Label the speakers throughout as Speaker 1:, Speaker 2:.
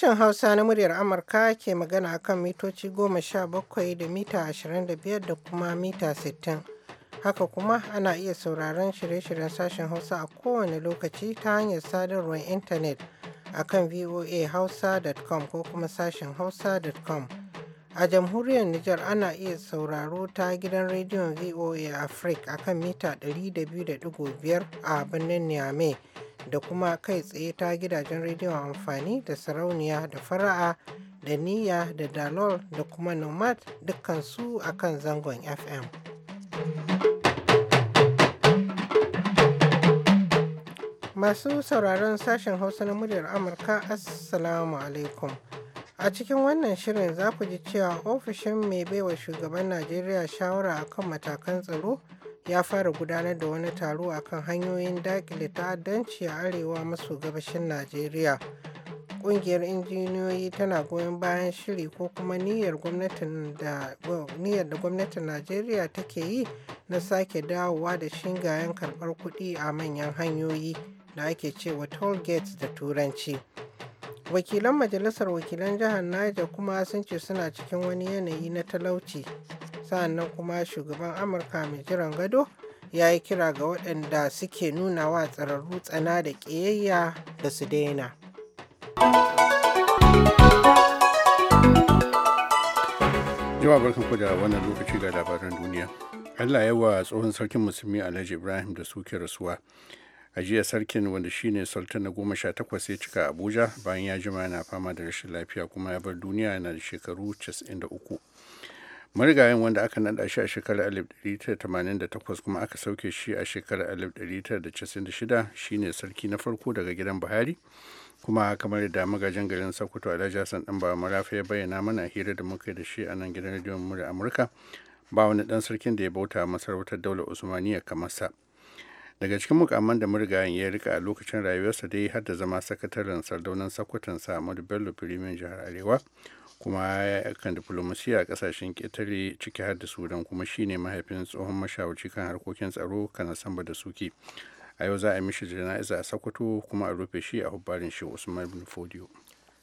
Speaker 1: Sashen Hausa na muryar Amurka ke magana kan mitoci goma sha bakwai da mita ashirin da biyar da kuma mita sittin. Haka kuma ana iya sauraron shirye-shiryen sashen Hausa a kowane lokaci ta hanyar sadarwar intanet a kan voahausa.com ko kuma sashen hausa.com. A jamhuriyar Nijar ana iya sauraro ta gidan rediyon VOA Africa kan mita biyar a birnin Niamey da kuma kai tsaye ta gidajen rediyon amfani da sarauniya da fara'a da niyya da dalol da kuma nomad dukkansu kan zangon FM. Masu sauraron sashen Hausa na muryar Amurka, Assalamu alaikum. A cikin wannan shirin za ku ji cewa ofishin mai baiwa shugaban Najeriya shawara a kan matakan tsaro ya fara gudanar da wani taro a kan hanyoyin dakile ta'addanci a arewa maso gabashin Najeriya. Ƙungiyar injiniyoyi tana goyon bayan shiri ko kuma niyyar da gwamnatin Najeriya take yi na sake dawowa da shingayen karɓar kuɗi a manyan hanyoyi da ake cewa toll gates da turanci. wakilan majalisar wakilan jihar niger kuma sun ce suna cikin wani yanayi na talauci sa'annan kuma shugaban amurka mai jiran gado ya yi kira ga waɗanda suke nuna wa tsararru tsana da ƙiyayya da su daina
Speaker 2: yawa barkan ku da wannan lokaci ga labaran duniya allah yawa tsohon sarkin musulmi alhaji ibrahim da suke rasuwa a jiya sarkin wanda shine sultan na goma sha takwas ya cika abuja bayan ya jima yana fama da rashin lafiya kuma ya bar duniya yana da shekaru 93 marigayen wanda aka nada shi a shekarar 1988 kuma aka sauke shi a shekarar 1996 shine sarki na farko daga gidan buhari kuma kamar da magajin garin sokoto alhaji hassan dan ba marafa ya bayyana mana hira da muka da shi a nan gidan rediyon mu amurka ba wani dan sarkin da ya bauta masarautar daular usmaniya kamar sa daga cikin mukamman da murgayen ya rika a lokacin rayuwarsa dai har da zama sakataren sardaunan sakwatan samadu bello firimin jihar arewa kuma kan diplomasiya a kasashen ƙetare ciki har da sudan kuma shine mahaifin tsohon mashawarci kan harkokin tsaro kana samba da suke a yau za a mishi jana'iza a sakwato kuma a rufe shi a hubbarin shi usman bin fodio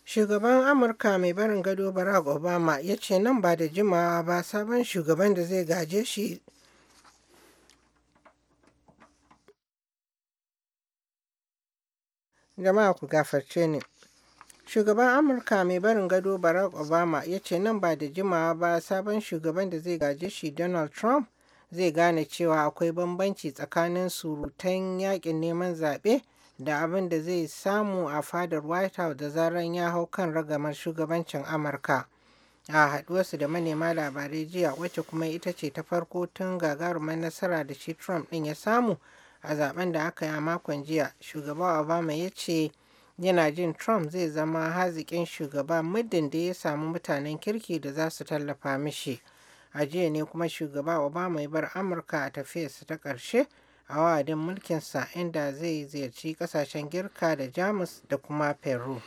Speaker 1: shugaban amurka mai barin gado barack obama ya ce nan ba da jimawa ba sabon shugaban da zai gaje shi Jama'a ku gafarce ni. Shugaban Amurka mai barin gado Barack Obama ya ce nan ba da jimawa ba sabon shugaban da zai gaje shi Donald Trump zai gane cewa akwai bambanci tsakanin surutan yakin neman zaɓe da abin da zai samu a fadar White House da zaran ya hau kan ragamar shugabancin Amurka. A haɗuwarsu da manema labarai jiya wacce kuma ita ce ta farko tun gagarumar nasara da shi Trump ɗin ya samu a zaben da aka yi a makon jiya shugaba obama ya ce yana jin trump zai zama haziƙin shugaba muddin da ya samu mutanen kirki da za su tallafa mishi a jiya ne kuma shugaba obama ya bar amurka a su ta ƙarshe a wadin mulkinsa inda zai ziyarci ƙasashen girka da jamus da kuma peru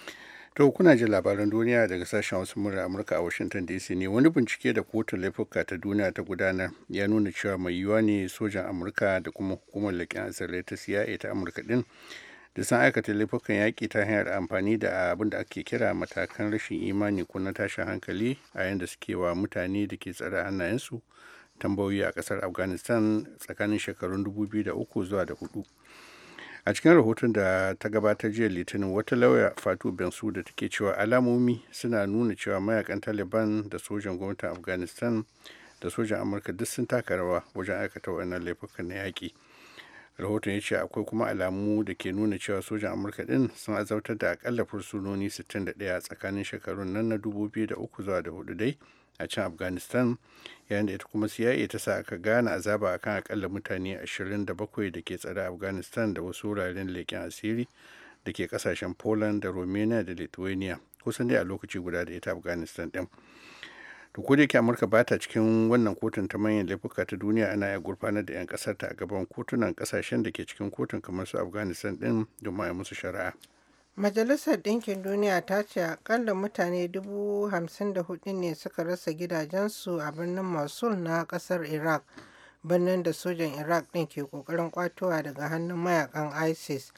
Speaker 2: To kuna jin labaran duniya daga sashen wasu murar Amurka a Washington DC ne wani bincike da kotun laifuka ta duniya ta gudanar ya nuna cewa mai yiwuwa ne sojan Amurka da kuma hukumar leƙen asirai ta CIA ta Amurka din da san aikata laifukan yaƙi ta hanyar amfani da abin da ake kira matakan rashin imani ko na tashin hankali a yadda suke wa mutane da ke tsare hannayensu tambayoyi a ƙasar Afghanistan tsakanin shekarun 2003 zuwa da hudu. a cikin rahoton da ta gabatar jiya litinin wata lauya fatu bensu da take cewa alamomi suna nuna cewa mayakan taliban da sojan gwamnatin afghanistan da sojan amurka duk sun taka rawa wajen aikata wannan laifukan na yaki rahoton ya ce akwai kuma alamu da ke nuna cewa sojan amurka din sun azabtar da akalla fursunoni 61 a tsakanin shekarun nan na 2003 zuwa da hudu dai a can afghanistan yayin da ita kuma cia ta sa aka gane azaba akan akalla mutane 27 da ke tsare afghanistan da wasu wuraren leƙen asiri da ke kasashen poland da romania da lithuania kusan dai a lokaci guda da ita afghanistan din da ko yake amurka ba ta cikin wannan kotun ta manyan laifuka ta duniya ana iya gurfanar da 'yan kasar ta a gaban kotunan kasashen da ke cikin kotun kamar su afghanistan din domin a musu shari'a
Speaker 1: Majalisar Ɗinkin Duniya ta ce akalla mutane 54,000 ne suka rasa gidajensu a birnin Mosul na ƙasar Iraq, birnin da sojan Iraq ɗin ke ƙoƙarin ƙwatowa daga hannun mayakan ISIS.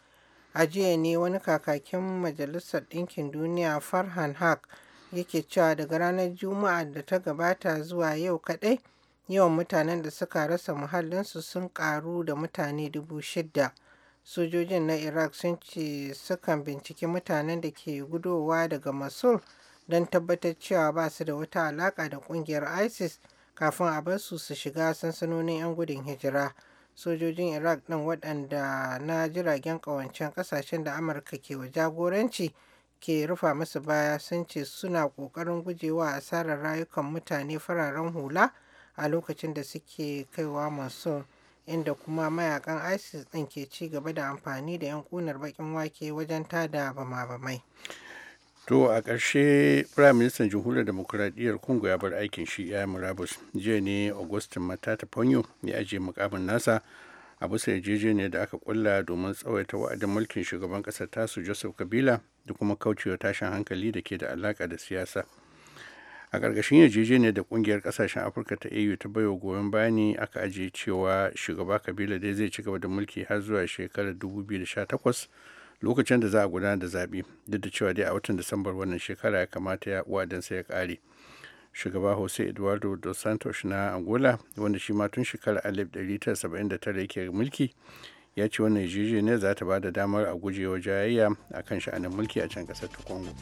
Speaker 1: A jiya ne wani kakakin Majalisar Ɗinkin Duniya Farhan Haq yake cewa daga ranar Juma'a da ta gabata zuwa yau kaɗai yawan mutanen da suka rasa muhallinsu sun ƙaru da mutane dubu shidda. sojojin na iraq sun ce sukan binciki mutanen da ke gudowa daga mosul don tabbatar cewa ba su da wata alaka da kungiyar isis kafin a bar su su shiga sansanonin 'yan gudun hijira sojojin iraq ɗin waɗanda na jiragen ƙawancen ƙasashen da amurka ke wa jagoranci ke rufa musu baya sun ce suna ƙoƙarin gujewa asarar rayukan mutane fararen hula a lokacin da suke kaiwa masu inda kuma mayakan isis ɗin ke ci gaba da amfani da 'yan kunar baƙin wake wajen tada bama-bamai
Speaker 2: to a ƙarshe prime minister jamhuriyar demokuraɗiyyar congo ya bar aikin shi ya murabus jiya ne augustin matata ponyo ya ajiye mukamin nasa a bisa yarjejeniyar da aka kulla domin tsawaita wa'adin mulkin shugaban ƙasar tasu joseph kabila da kuma kaucewa tashin hankali da ke da alaƙa da siyasa a ƙarƙashin yarjejeniyar da ƙungiyar ƙasashen afirka ta au ta baiwa goyon bayani aka ajiye cewa shugaba kabila dai zai ci gaba da mulki har zuwa shekarar 2018 lokacin da za a gudanar da zaɓe duk da cewa dai a watan disambar wannan shekara ya kamata ya sa ya ƙare shugaba jose eduardo dos santos na angola wanda shi ma tun shekarar 1979 yake mulki ya ce wannan yarjejeniyar za ta ba da damar a gujewa jayayya akan sha'anin mulki a can ƙasar ta congo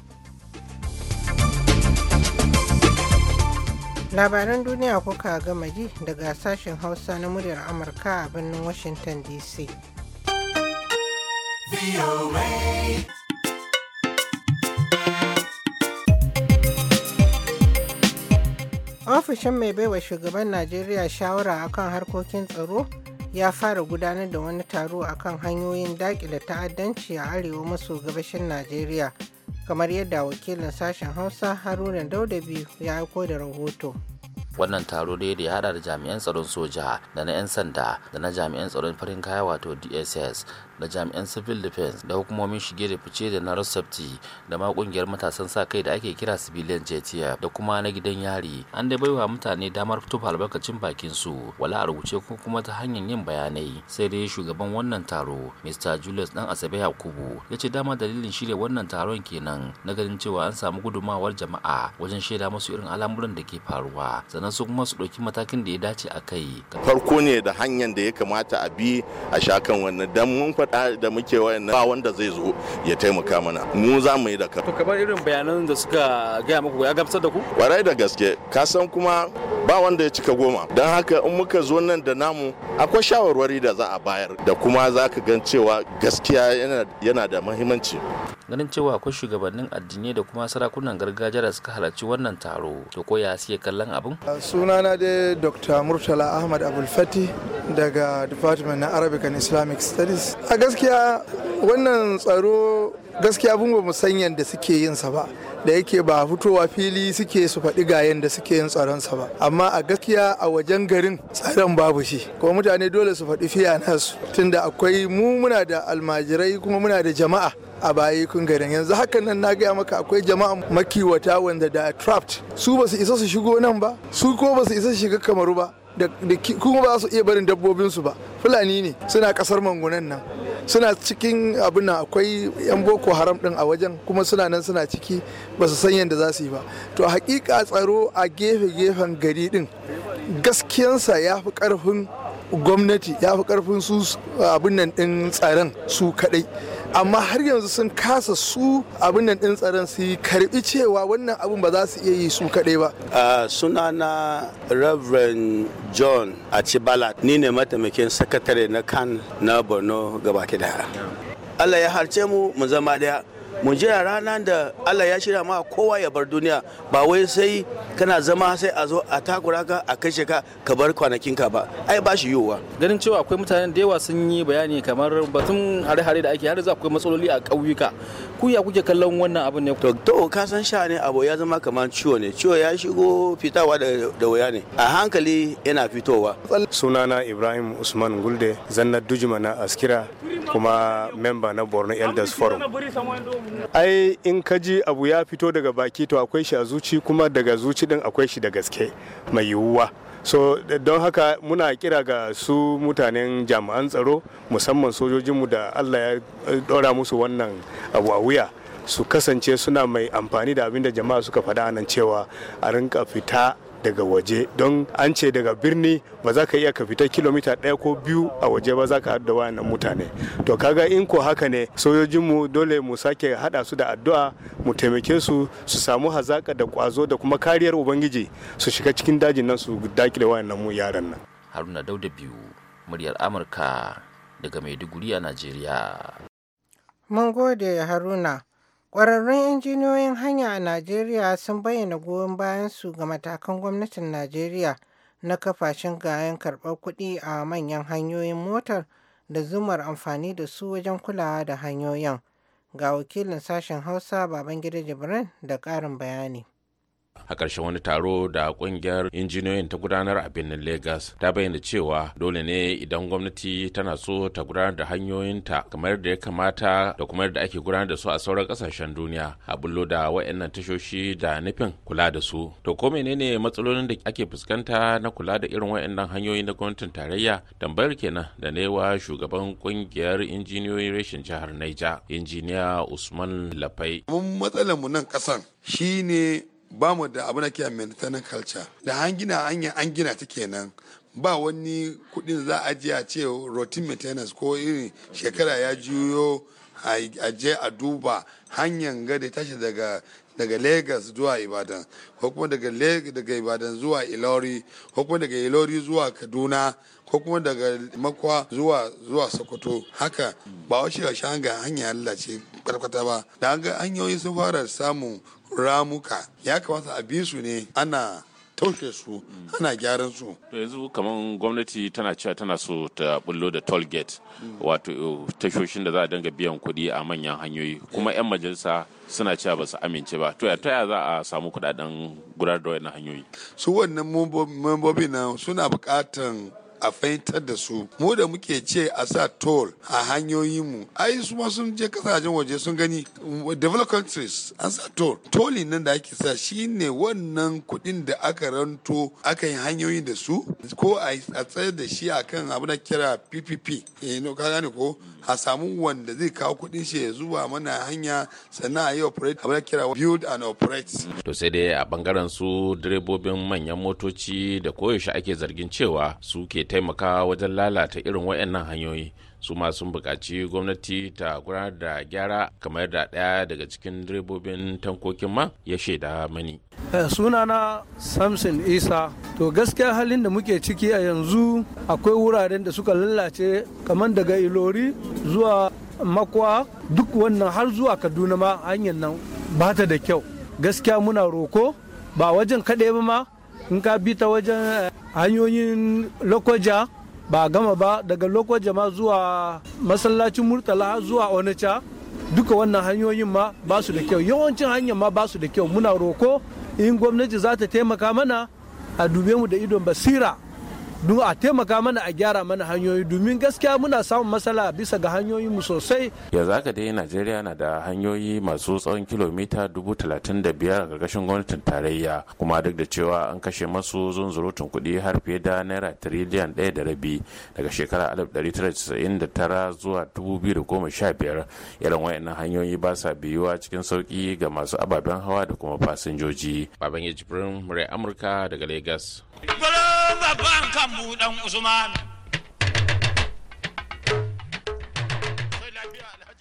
Speaker 1: labaran duniya kuka gama ji daga sashen hausa na muryar amurka a birnin washington dc ofishin mai baiwa shugaban najeriya shawara akan harkokin tsaro ya fara gudanar da wani taro akan hanyoyin daƙile ta'addanci a arewa maso gabashin najeriya kamar yadda wakilin sashen hausa haruna daudabi ya aiko da rahoto
Speaker 3: wannan taro dai da ya hada da jami'an tsaron soja da na 'yan sanda da na jami'an tsaron farin kaya wato dss da jami'an civil defense da hukumomin shige da fice da na rasafti da ma kungiyar matasan sa kai da ake kira civilian jtf da kuma na gidan yari an dai baiwa mutane damar fito albarkacin bakin su wala a rubuce ko kuma ta hanyar yin bayanai sai dai shugaban wannan taro mr julius dan asabe yakubu ya ce dama dalilin shirya wannan taron kenan na ganin cewa an samu gudumawar jama'a wajen shaida musu irin al'amuran da ke faruwa sannan su kuma su ɗauki matakin da ya dace a kai
Speaker 4: farko ne da hanyar da ya kamata a bi a shakan wannan dan mun da muke wayan ba wanda zai zo ya taimaka mana mu za mu yi da ka to kamar irin bayanan da suka gaya muku ya gamsar da ku warai da gaske ka san kuma ba wanda ya cika goma don haka in muka zo nan da namu akwai shawarwari da za a bayar da kuma za ka gan cewa gaskiya yana da mahimmanci
Speaker 3: ganin cewa akwai shugabannin addinai da kuma sarakunan gargajiya da suka halarci wannan taro to ko ya siya kallon abin
Speaker 5: sunana da dr murtala ahmad abulfati daga department na arabic and islamic studies a gaskiya wannan tsaro gaskiya bin ba san da suke yin sa ba da yake ba fitowa fili suke su faɗi ga yadda suke yin tsaron sa ba amma a gaskiya a wajen garin tsaron babu shi kuma mutane dole su faɗi fiya nasu tunda akwai mu muna da almajirai kuma muna da jama'a a baya kun garin yanzu hakan nan na gaya maka akwai jama'a makiwata wanda da trapped su ba su isa su shigo nan ba su ko ba su isa su shiga kamaru ba da kuma ba su iya barin dabbobinsu ba fulani ne suna kasar mangunan nan suna cikin abin akwai yan boko haram din a wajen kuma suna nan suna ciki ba su san yadda za su yi ba to a hakika tsaro a gefe-gefen gari din gaskiyansa ya fi karfin gwamnati ya fi karfin su abin nan din tsaron su kadai amma har yanzu sun kasa su abin nan din tsaron su karbi cewa wannan abin ba za su iya yi su kaɗai
Speaker 6: ba Suna na reverend john achibala ni ne mataimakin sakatare na kan na borno gabaki daya allah ya harce mu mu zama daya mu jira rana da Allah ya shirya ma kowa ya bar duniya ba wai sai kana zama sai a zo a takura ka a kashe ka ka bar kwanakin ka ba ai ba shi yiwuwa ganin cewa akwai
Speaker 3: mutanen da yawa sun yi bayani kamar batun hare-hare da ake har za akwai matsaloli a ƙauyuka
Speaker 6: ku ya kuke kallon wannan abin ne to to ka san sha ne abu ya zama kamar ciwo ne ciwo ya shigo fitawa da waya ne a hankali yana fitowa sunana Ibrahim Usman
Speaker 7: Gulde zanna dujuma na askira kuma memba na Borno Elders Forum ai in ka ji abu ya fito daga baki to akwai shi a zuci kuma daga zuci din akwai shi da gaske mai yiwuwa so don haka muna kira ga su mutanen jami'an tsaro musamman sojojinmu da allah ya eh, ɗora musu wannan abu a wuya su kasance suna mai amfani da abin da jama'a suka faɗa nan cewa a rinka fita daga waje don an ce daga birni ba za ka iya ka fita kilomita ɗaya ko biyu a waje ba za ka haɗa wayannan mutane to kaga in ko haka ne sojojinmu dole mu sake haɗa su da addu'a mu taimake su su samu hazaƙa da ƙwazo da kuma kariyar ubangiji su shiga cikin dajin nan su dakile wayannan mu yaran nan
Speaker 3: haruna dauda biyu muryar amurka daga maiduguri a najeriya
Speaker 1: mun gode haruna Ƙwararrun injiniyoyin hanya a Najeriya sun bayyana goyon bayansu ga matakan gwamnatin Najeriya na kafashin gayan karɓar kuɗi a manyan hanyoyin motar da zumar amfani da su wajen kulawa da hanyoyin. Ga wakilin sashen Hausa Babangida Jibrin da ƙarin bayani.
Speaker 4: a ƙarshen wani taro da ƙungiyar injiniyoyin ta gudanar a birnin Legas ta bayyana cewa dole ne idan gwamnati tana so ta gudanar da hanyoyinta kamar da ya kamata da kuma yadda ake gudanar da su a sauran ƙasashen duniya a bullo da waɗannan tashoshi da nufin kula da su to ko menene matsalolin da ake fuskanta na kula da irin waɗannan hanyoyi na gwamnatin tarayya tambayar kenan da newa shugaban ƙungiyar injiniyoyin reshen jihar Niger? injiniya usman lafai
Speaker 8: mun matsalar mu nan ƙasan shine ba mu da abu na ke maintainer culture da an gina anya an gina ta kenan ba wani kudin za a je a ce routine maintenance ko irin shekara ya juyo a je a duba hanyar gada tashi daga daga lagos zuwa ibadan ko kuma daga daga ibadan zuwa ilori ko kuma daga ilori zuwa kaduna ko kuma daga makwa zuwa zuwa sokoto haka ba wasu shi ga hanya Allah ce kwata ba da ga hanyoyi sun fara samun ramuka ya kamata a su ne ana taushe su ana gyaran su
Speaker 4: to yanzu kamar gwamnati tana cewa tana so ta bullo da toll gate wato tashoshin da za a dinga biyan kuɗi a manyan hanyoyi kuma 'yan majalisa suna cewa ba su amince ba to ta ya za a samu kuɗaɗen gudanar da wannan hanyoyi
Speaker 8: su wannan membobi na suna bukatan. a fahimtar da su mu da muke ce a sa toll a hanyoyinmu ai su ma sun je kasashen waje sun gani developed countries an sa toll tolli nan da ake sa shine wannan kuɗin da aka ranto aka yi hanyoyi da su ko a tsayar da shi akan abu da kira ppp eh no ka gane ko a samu wanda zai kawo kuɗin shi ya zuwa mana hanya sannan a yi operate abu da kira build and operate
Speaker 4: to sai dai a bangaren su direbobin manyan motoci da koyaushe ake zargin cewa su ke taimaka wajen lalata irin wayannan hanyoyi su ma sun buƙaci gwamnati ta gudanar da gyara kamar da ɗaya daga cikin direbobin tankokin ma ya shaida mani.
Speaker 5: Eh, sunana samson isa to gaskiya halin da muke ciki a yanzu akwai wuraren da suka lalace kamar daga ilori zuwa makwa duk wannan har zuwa kaduna ma hanyar nan ba ta da kyau gaskiya muna roko ba wajen kaɗai ba ma in ka bi ta wajen eh, hanyoyin lokoja ba gama ba daga lokoja ma zuwa masallacin murtala zuwa onacha duka wannan hanyoyin ma ba su da kyau yawancin hanyar ma ba su da kyau muna roko in gwamnati za ta taimaka mana a dube mu da idon basira duk a taimaka mana a gyara mana hanyoyi domin gaskiya muna samun matsala bisa ga hanyoyi mu sosai
Speaker 4: yanzu haka dai najeriya na da hanyoyi masu tsawon kilomita dubu da biyar a ƙarƙashin gwamnatin tarayya kuma duk da cewa an kashe masu zunzurutun kuɗi har fiye da naira tiriliyan ɗaya da rabi daga shekara alif ɗari tara zuwa dubu biyu da irin wayannan hanyoyi ba sa biyuwa cikin sauki ga masu ababen hawa da kuma fasinjoji baban ya jibrin murai amurka
Speaker 1: daga lagos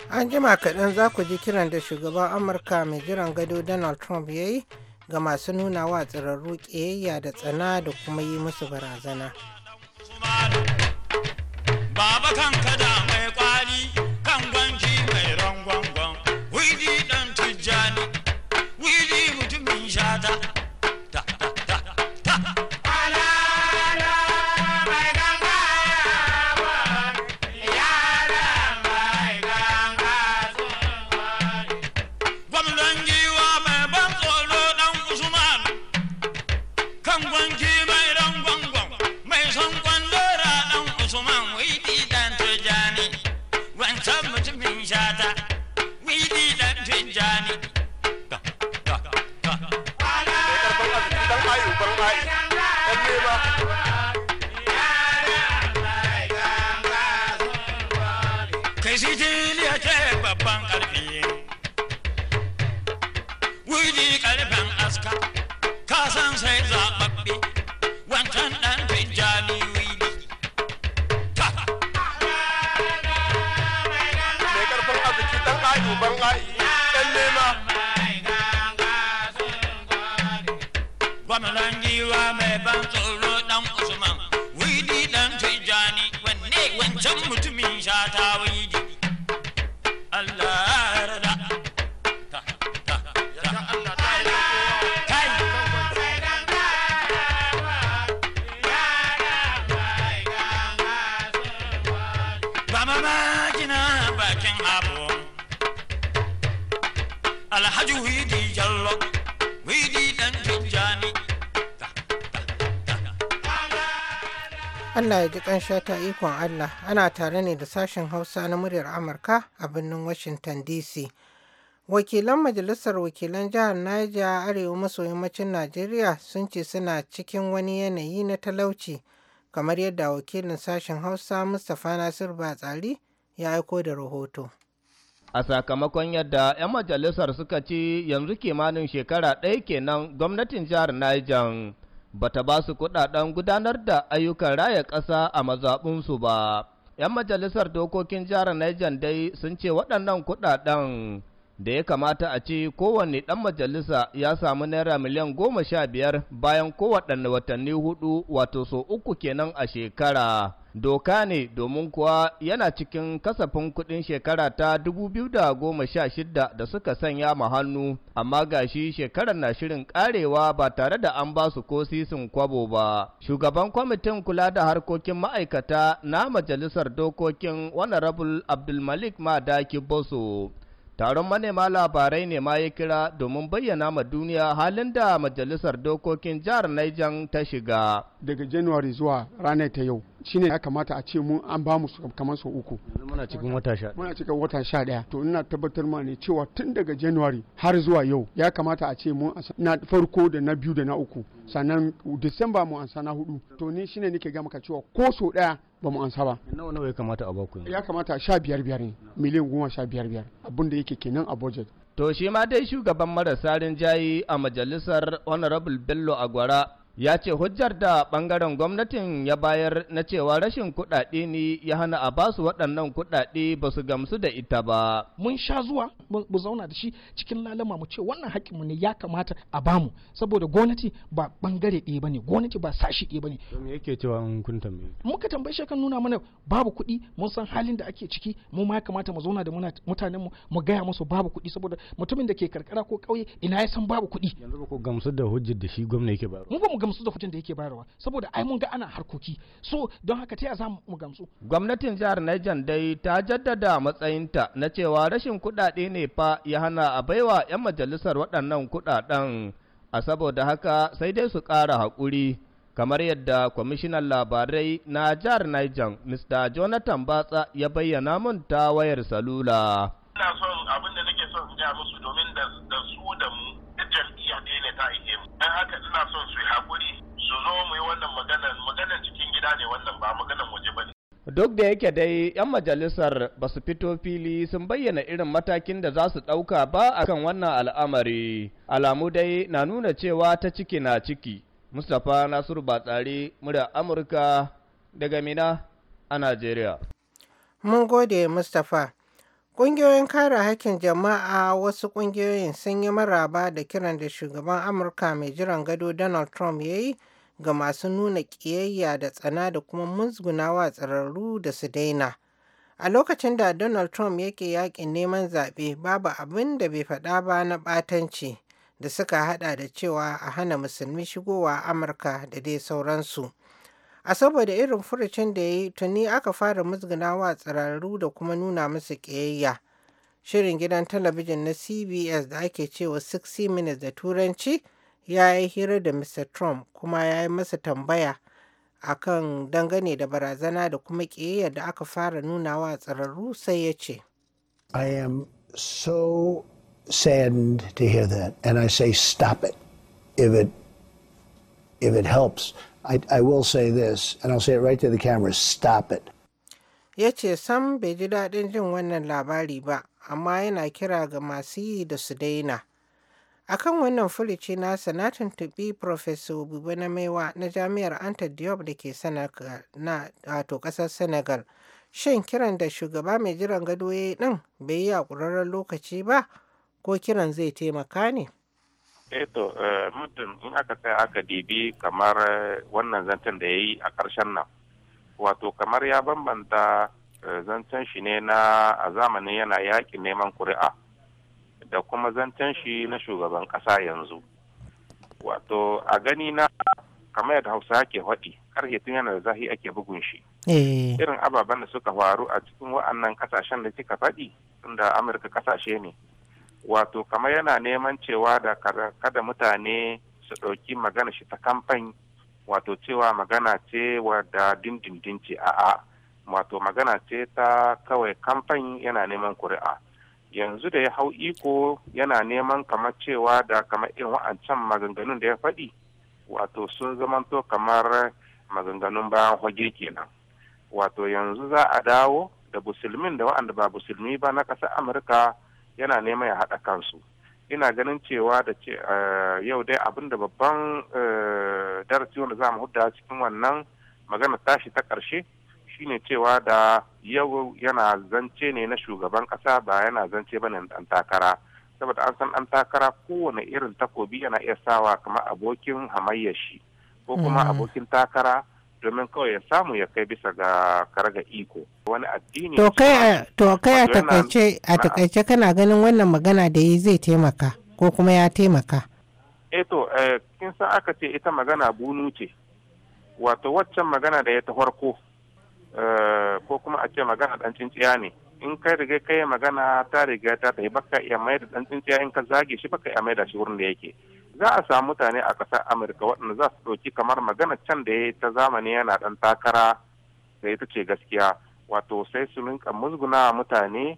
Speaker 1: An jima kaɗan za ku ji kiran da shugaban Amurka mai jiran gado Donald Trump ya yi ga masu nuna wa tsirarru ƙiyayya da tsana da kuma yi musu barazana.
Speaker 6: Baba kanka da sijiliya kɛ babankari.
Speaker 1: Allah ya ji ƙansha ta ikon Allah ana tare ne da sashen Hausa na muryar Amurka a birnin Washington DC. Wakilan Majalisar Wakilan Jihar Niger Arewa maso yammacin Najeriya sun ce suna cikin wani yanayi na talauci kamar yadda wakilin sashen Hausa Mustapha Nasir Batsari ya aiko da rahoto.
Speaker 7: a sakamakon yadda 'yan majalisar suka ci yanzu kimanin shekara ɗaya kenan gwamnatin jihar Niger bata ba su kudaden gudanar da ayyukan raya ƙasa a mazaɓunsu ba. 'Yan majalisar dokokin jihar Niger dai sun ce waɗannan kudaden da ya kamata a ce kowanne ɗan majalisa ya samu naira miliyan goma sha biyar bayan kowaɗanne watanni hudu wato so uku kenan a shekara. Doka ne domin kuwa yana cikin kasafin kuɗin shekara ta dubu biyu da goma sha da suka sanya ma hannu, amma gashi shekarar na shirin karewa ba tare da an ba su ko sisin kwabo ba. Shugaban kwamitin kula da harkokin ma'aikata na majalisar dokokin rabul Abdulmalik Madaki Boso taron manema labarai ne ma ya kira domin bayyana ma duniya halin da majalisar dokokin jihar Niger
Speaker 8: ta shiga. Daga January zuwa ranar ta yau shine ya kamata a ce mun an ba mu kamar sau uku
Speaker 7: muna cikin wata sha
Speaker 8: muna cikin wata sha daya to ina tabbatar ma ne cewa tun daga january har zuwa yau ya kamata a ce mun na farko da na biyu da na uku sannan disamba mu ansa na hudu to ni shine nake ga maka cewa ko sau daya ba mu ansa ba nawa nawa ya kamata a baku ya kamata sha biyar biyar ne miliyan goma sha biyar biyar abinda yake kenan a budget
Speaker 7: to shi ma dai shugaban marasa jayi a majalisar honorable bello agwara ya ce hujjar da ɓangaren gwamnatin ya bayar na cewa rashin kuɗaɗe ne ya hana a basu waɗannan kuɗaɗe ba su gamsu da ita ba.
Speaker 9: Mun sha zuwa mu zauna da shi cikin lalama mu ce wannan haƙƙinmu ne ya kamata a bamu saboda gwamnati ba ɓangare ɗaya ba ne gwamnati ba sashi ɗaya ba
Speaker 7: ne. Me yake cewa in kun tambaye?
Speaker 9: Muka tambaye shi kan nuna mana babu kuɗi mun san halin da ake ciki mu ma ya kamata mu zauna da mutanen mu mu gaya musu babu kuɗi saboda mutumin da ke karkara ko ƙauye ina ya san babu kuɗi. Yanzu
Speaker 7: ba ku gamsu da hujjar da shi gwamna yake ba.
Speaker 9: Mu ba mu gamsu da kudin da yake bayarwa saboda ai mun ga ana harkoki so don haka za mu gamsu
Speaker 7: gwamnatin jihar Niger dai ta jaddada matsayinta na cewa rashin kuɗaɗe ne fa ya hana a baiwa 'yan majalisar waɗannan kuɗaɗen a saboda haka sai dai su ƙara haƙuri kamar yadda kwamishinan labarai na jihar Niger Mr. Jonathan Batsa ya bayyana mun ta wayar salula. Ina son abin da nake son in musu
Speaker 4: domin da su da mu jam'iyyar ne ta ike mu dan haka ina son su yi hakuri su zo mu yi wannan maganar maganar cikin gida ne wannan ba maganar waje ba ne
Speaker 7: duk da yake dai 'yan majalisar ba su fito fili sun bayyana irin matakin da za su ɗauka ba a kan wannan al'amari alamu dai na nuna cewa ta ciki na ciki mustapha nasiru batsari murya amurka daga mina a najeriya
Speaker 1: mun gode mustapha Ƙungiyoyin kare haƙƙin jama'a wasu ƙungiyoyin sun yi maraba da kiran da shugaban Amurka mai jiran gado Donald Trump ya yi ga masu nuna ƙiyayya da tsana da kuma musgunawa tsararru da su daina. A lokacin da Donald Trump yake yaƙin neman zaɓe babu abin da bai faɗa ba na ɓatanci da suka haɗa da cewa a hana musulmi shigowa Amurka da dai sauransu. A saboda irin furucin da ya yi tuni aka fara musgunawa tsirarru da kuma nuna musu ƙiyayya. Shirin gidan talabijin na CBS da ake cewa 60 Minutes da Turanci ya yi hira da Mr. Trump kuma ya yi masa tambaya akan dangane da barazana da kuma ƙiyayyar da aka fara nunawa wa tsirarru sai ya ce. I am so saddened to hear that and I say stop it if it, if it helps. I, I will say this, and I'll say it right to the camera stop it. Ya ce sam bai ji daɗin jin wannan labari ba, amma yana kira ga masu yi da su daina. Akan wannan fulici nasa na tuntuɓi Professor Bubu na Maiwa na Jami'ar Anta Diop da ke na wato ƙasar Senegal. Shin kiran da shugaba mai jiran gado ya yi ɗin bai yi a ƙurarren lokaci ba ko kiran zai taimaka ne?
Speaker 10: eto eh, eh, mutum in aka kai aka dibi kamar eh, wannan zancen da ya yi a ƙarshen nan wato kamar ya bambanta zancen shi ne na a zamanin yana yaƙin neman kuri'a da kuma zancen shi na shugaban ƙasa yanzu wato a gani na kamar yadda hausa ke faɗi karhe tun yana da zahi ake bugun shi irin ababen da suka faru a cikin wa'annan ƙasashen da kika faɗi tunda amurka ƙasashe ne wato kamar yana neman cewa da kada mutane su ɗauki magana shi ta kamfan wato cewa magana ce wadda dindindin ce a'a wato magana ce ta kawai kamfan yana neman kuri'a yanzu da ya hau iko yana neman kamar cewa da kamar irin wa'ancan maganganun da ya faɗi wato sun zamanto kamar maganganun bayan hoge kenan wato yanzu za a dawo da musulmin da wa'anda ba musulmi ba na ƙasar amurka yana neman ya haɗa kansu ina ganin cewa da ce eh, yau dai abin da babban eh, darasi wanda za mu hudda cikin wannan magana tashi ta ƙarshe shine cewa da yau yana zance ne na shugaban ƙasa ba yana zance ba ne ɗan takara saboda an san ɗan takara kowane irin takobi yana iya sawa kamar abokin hamayyar shi ko kuma mm. abokin takara domin kawai ya samu ya kai bisa ga karga iko wani addini to kai a takaice a takaice
Speaker 1: kana ganin wannan magana da yi zai taimaka ko kuma ya taimaka
Speaker 10: eh to eh, kin san aka ce ita magana bunu ce wato waccan magana da ya ta farko eh, ko kuma a ce magana dan cinciya ne in ka riga kai magana ta riga ta yi baka iya mai da dantsin tsintsiya in ka zage shi baka iya mai da shi wurin da yake za a samu mutane a ƙasar amurka waɗanda za su ɗauki kamar magana can da ya yi ta zamani yana ɗan takara da ita ce gaskiya wato sai su rinka musguna mutane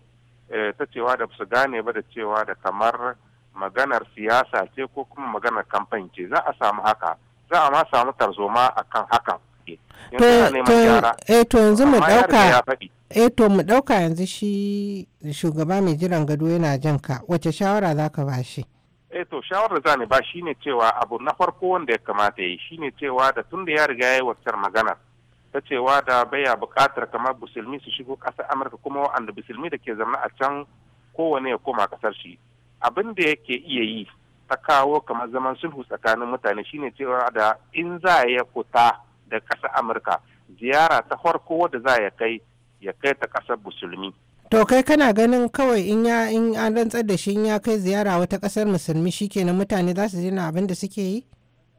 Speaker 10: eh, ta cewa da su gane ba da cewa da kamar maganar siyasa ce ko kuma maganar kamfan ce za a samu haka za a ma samu tarzoma akan hakan to yanzu eh, mu ɗauka
Speaker 1: eh to mu ɗauka yanzu shi shugaba mai jiran gado yana jin ka wace shawara za ka ba shi
Speaker 10: eh to shawarar za ni ba shine cewa abu na farko wanda ya kamata ya yi shine cewa da tun da ya riga ya yi waccar magana ta cewa da baya bukatar kamar musulmi su shigo ƙasar amurka kuma wanda musulmi da ke zama a can kowane ya koma kasar shi abin da yake iya yi ta kawo kamar zaman sulhu tsakanin mutane shine cewa da in za ya fita da ƙasar amurka ziyara ta farko wadda za ya kai ya kai ta ƙasar musulmi
Speaker 1: to kai kana ganin kawai in ya in an rantsar da shi in ya kai ziyara wata kasar musulmi shikenan mutane za su daina abin da suke yi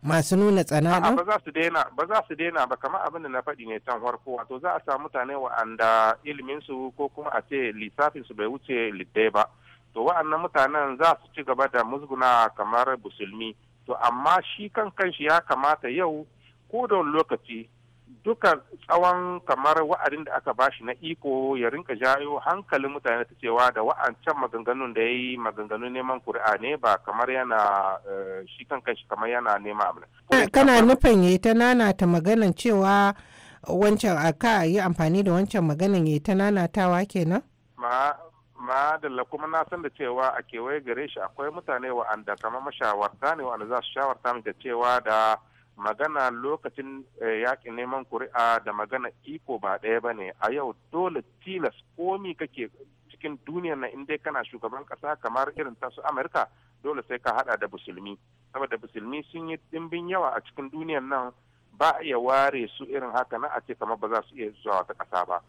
Speaker 1: masu nuna tsana ba
Speaker 10: za su daina ba za su daina ba kamar abin da na faɗi ne can farko wato za a samu mutane wa'anda ilimin su ko kuma a ce lissafin su bai wuce liddai ba to wa'annan mutanen za su ci gaba da musguna kamar musulmi to amma shi kan kanshi ya kamata yau ko da lokaci duka tsawon kamar wa'adin da aka bashi na iko ya rinka jayo hankalin mutane ta cewa da wa'ancan maganganun da ya yi maganganun neman kuri'a ne ba kamar yana eh, shi kan kanshi kamar yana neman abu
Speaker 1: kana nufin ya ta nanata maganan cewa wancan aka yi amfani da wancan maganan ya ta nanatawa kenan
Speaker 10: madalla kuma na san da cewa a kewaye gare shi akwai mutane wa'anda kamar mashawarta ne wa'anda za su shawarta da cewa da magana lokacin eh, yakin neman kuri'a da magana iko ba ɗaya ba ne a yau dole tilas komi kake cikin duniyar na in kana shugaban ƙasa kamar irin tasu amurka dole sai ka hada da musulmi saboda musulmi sun yi ɗimbin yawa a cikin duniyar nan ba a iya ware su irin haka na a ce kamar ba za su iya zuwa wata kasa ba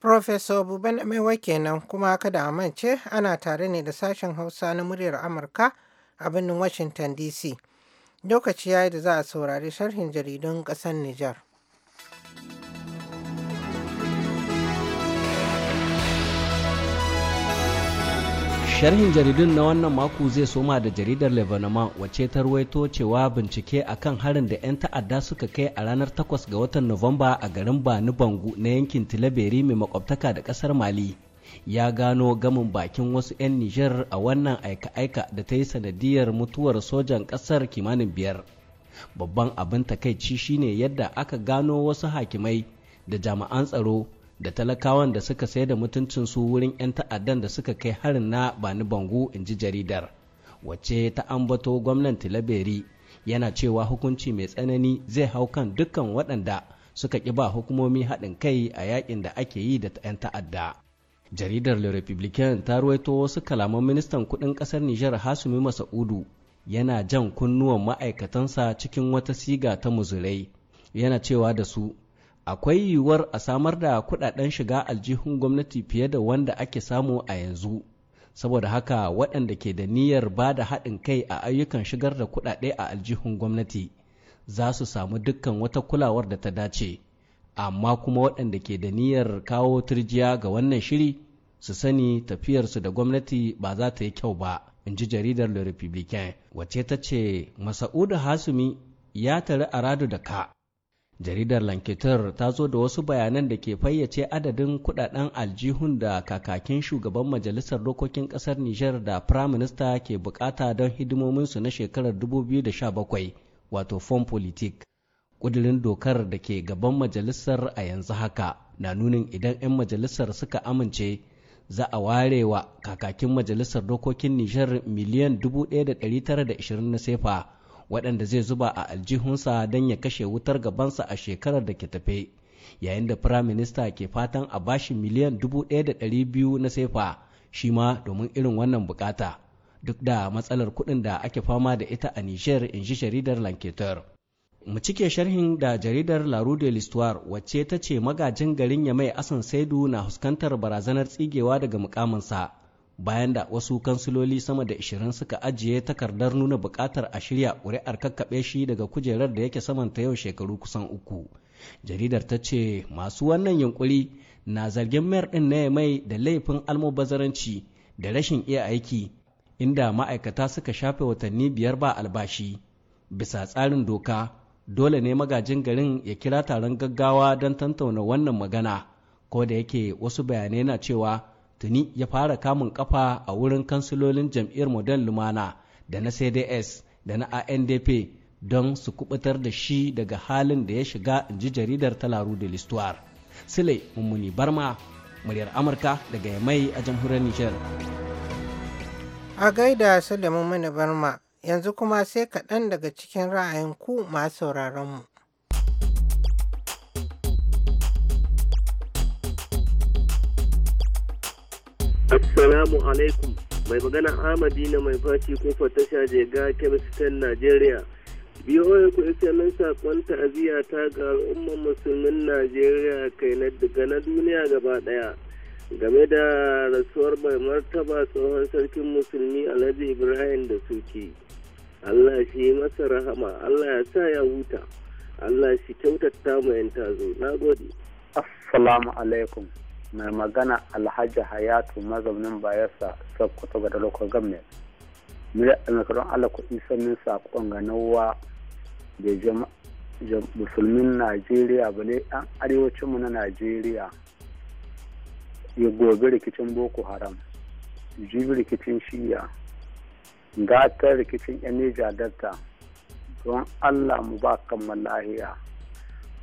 Speaker 1: Professor Buban Amewa kenan kuma kada a mance ana tare ne da sashen Hausa na muryar Amurka a birnin Washington DC. Lokaci ya yi da za a saurari sharhin jaridun ƙasar Nijar.
Speaker 9: sharhin jaridun na wannan mako zai soma da jaridar lebanon wacce ta ruwaito cewa bincike akan harin da 'yan ta'adda suka kai a ranar 8 ga watan nuwamba a garin bani bangu na yankin tilaberi mai makwabtaka da kasar mali ya gano gamin bakin wasu 'yan Nijar a wannan aika-aika da ta yi sanadiyar mutuwar sojan ƙasar kimanin biyar. Babban abin takaici shine yadda aka gano wasu hakimai da jami'an tsaro da talakawan da suka sai da mutuncinsu wurin 'yan ta'addan da suka kai harin na bani bango, in ji jaridar wacce ta ambato gwamnan tilaberi yana cewa hukunci mai tsanani zai hau kan dukkan waɗanda suka ƙi ba hukumomi haɗin kai a yaƙin da ake yi da 'yan ta'adda jaridar le republican ta ruwaito wasu kalaman ministan kudin kasar nijar hasumi masa'udu yana jan kunnuwan ma'aikatansa cikin wata siga ta muzurai yana cewa da su akwai yiwuwar a samar da kudaden shiga aljihun gwamnati fiye da wanda ake samu a yanzu saboda haka waɗanda ke da niyyar ba da haɗin kai a ayyukan shigar da kuɗaɗe a aljihun gwamnati za su samu dukkan wata kulawar da ta dace amma kuma waɗanda ke da niyyar kawo turjiya ga wannan shiri su sani tafiyarsu da gwamnati ba za ta yi kyau ba in ji jaridar le republican wace ta ce masa'udu hasumi ya tare a radu da ka jaridar lankitar ta zo da wasu bayanan da ke fayyace adadin kudaden aljihun da kakakin shugaban majalisar dokokin kasar niger da minister ke bukata don hidimominsu na shekarar 2017 wato fom politik ƙudurin dokar da ke gaban majalisar a yanzu haka na nunin idan 'yan majalisar suka amince za a ware wa kakakin majalisar dokokin nijar miliyan 1,920 na sefa waɗanda zai zuba a aljihunsa don ya kashe wutar gabansa a shekarar da ke tafe yayin da firaminista ke fatan a bashi miliyan 1,200 na sefa shi ma domin irin wannan bukata duk da matsalar kuɗin da ake fama da ita a nijar in ji sharidar lanketer mu cike sharhin da jaridar La Rue de l'Histoire wacce ta ce magajin garin ya mai Asan Saidu na fuskantar barazanar tsigewa daga mukaminsa bayan da wasu kansiloli sama da 20 suka ajiye takardar nuna bukatar a shirya ƙuri'ar kakkaɓe shi daga kujerar da yake saman ta yau shekaru kusan uku. Jaridar ta ce masu wannan yunkuri na zargin mayar ɗin na mai da laifin almubazaranci da rashin iya aiki inda ma'aikata suka shafe watanni biyar ba albashi bisa tsarin doka dole ne magajin garin ya kira taron gaggawa don tantauna wannan magana ko da yake wasu bayanai na cewa tuni ya fara kamun kafa a wurin kansilolin jam'iyyar modern lumana da na cds da na andp don su kubutar da shi daga halin da ya shiga in ji jaridar talaru da listuwar sile mummuni barma muryar amurka daga yamai a jamhuriyar nijar
Speaker 1: a gaida sule mummuni barma yanzu kuma sai kaɗan daga cikin ra'ayin ku masu sauraronmu.
Speaker 9: Assalamu alaikum mai magana Amadi na mai faci ko tasha ga kemistan Najeriya. ya ku isa nan ta'aziyyata ta'aziyya ta ga al'ummar musulmin najeriya kai na daga na duniya gaba ɗaya. game da rasuwar mai martaba tsohon sarkin musulmi alhaji ibrahim da suke Allah shi masa rahama Allah ya sa ya huta Allah shi kyautata mu yan tazo na gode assalamu alaikum
Speaker 6: mai magana alhaji hayatu mazaunin bayarsa sokoto ga dalokar gamme murya almakarun allah kuɗi sannin saƙon ga nawa da musulmin najeriya bale ɗan arewacinmu na najeriya
Speaker 9: ya gobe rikicin boko haram jibi rikicin shiya gatar rikicin yan Neja Delta don Allah mu ba kan lahiya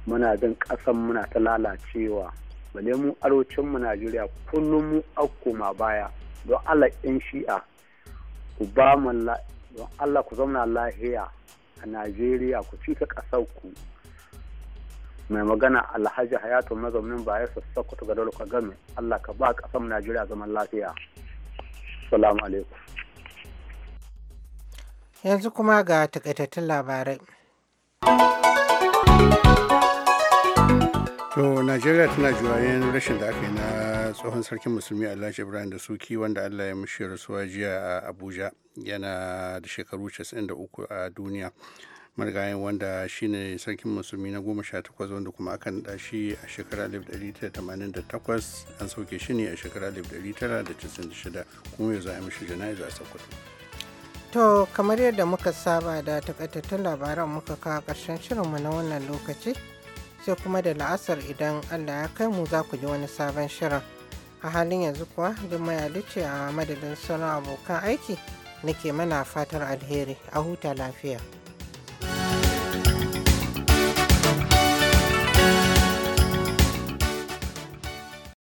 Speaker 9: muna jin ƙasan muna ta lalacewa bale mu arocin Najeriya kullum mu akkuma baya don Allah yan shi'a ku
Speaker 6: ba mu don Allah ku zauna lahiya a Najeriya ku ci ta ƙasar ku mai magana alhaji hayatu mazaunin ba ya sassakuta ga dole ka Allah ka ba kasar Najeriya zaman lafiya salamu alaikum
Speaker 1: Yanzu kuma ga takaitattun labarai.
Speaker 2: To Najeriya tana juwayen rashin da aka yi na tsohon sarkin musulmi Alhaji Ibrahim da Suki wanda Allah ya mushe rasuwa jiya a Abuja yana da shekaru 93 a duniya. Margayen wanda shine sarkin musulmi na goma sha takwas wanda kuma aka naɗa shi a shekara 1988 an sauke shi ne a shekarar 1996 kuma yanzu a mishi jana'iza a sokoto.
Speaker 1: To kamar yadda muka saba da takaitattun labaran muka kawo ƙarshen shirinmu na wannan lokaci sai kuma da la'asar idan Allah ya kai mu za ku ji wani sabon shirin. A halin yanzu kuwa mai ce a madadin sauran abokan aiki nake mana fatar alheri a huta lafiya.